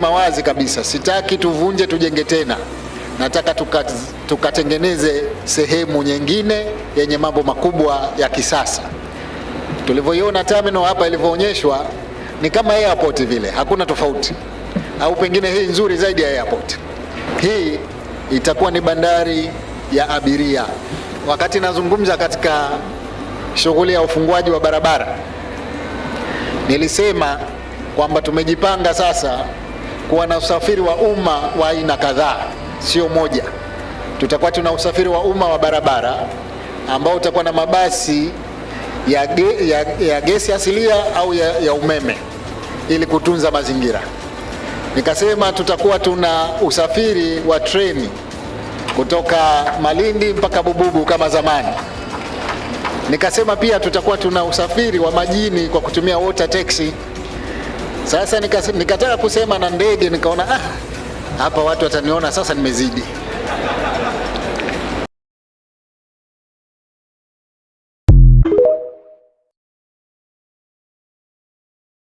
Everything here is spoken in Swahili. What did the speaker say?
Mawazi kabisa, sitaki tuvunje tujenge tena, nataka tukatengeneze tuka sehemu nyingine yenye mambo makubwa ya kisasa. Tulivyoiona terminal hapa ilivyoonyeshwa ni kama airport vile, hakuna tofauti, au pengine hii nzuri zaidi ya airport. Hii itakuwa ni bandari ya abiria. Wakati nazungumza katika shughuli ya ufunguaji wa barabara, nilisema kwamba tumejipanga sasa kuwa na usafiri wa umma wa aina kadhaa, sio moja. Tutakuwa tuna usafiri wa umma wa barabara ambao utakuwa na mabasi ya, ge, ya, ya gesi asilia au ya, ya umeme ili kutunza mazingira. Nikasema tutakuwa tuna usafiri wa treni kutoka Malindi mpaka Bububu kama zamani. Nikasema pia tutakuwa tuna usafiri wa majini kwa kutumia water taxi sasa nikataka kusema na ndege, nikaona ah, hapa watu wataniona sasa nimezidi.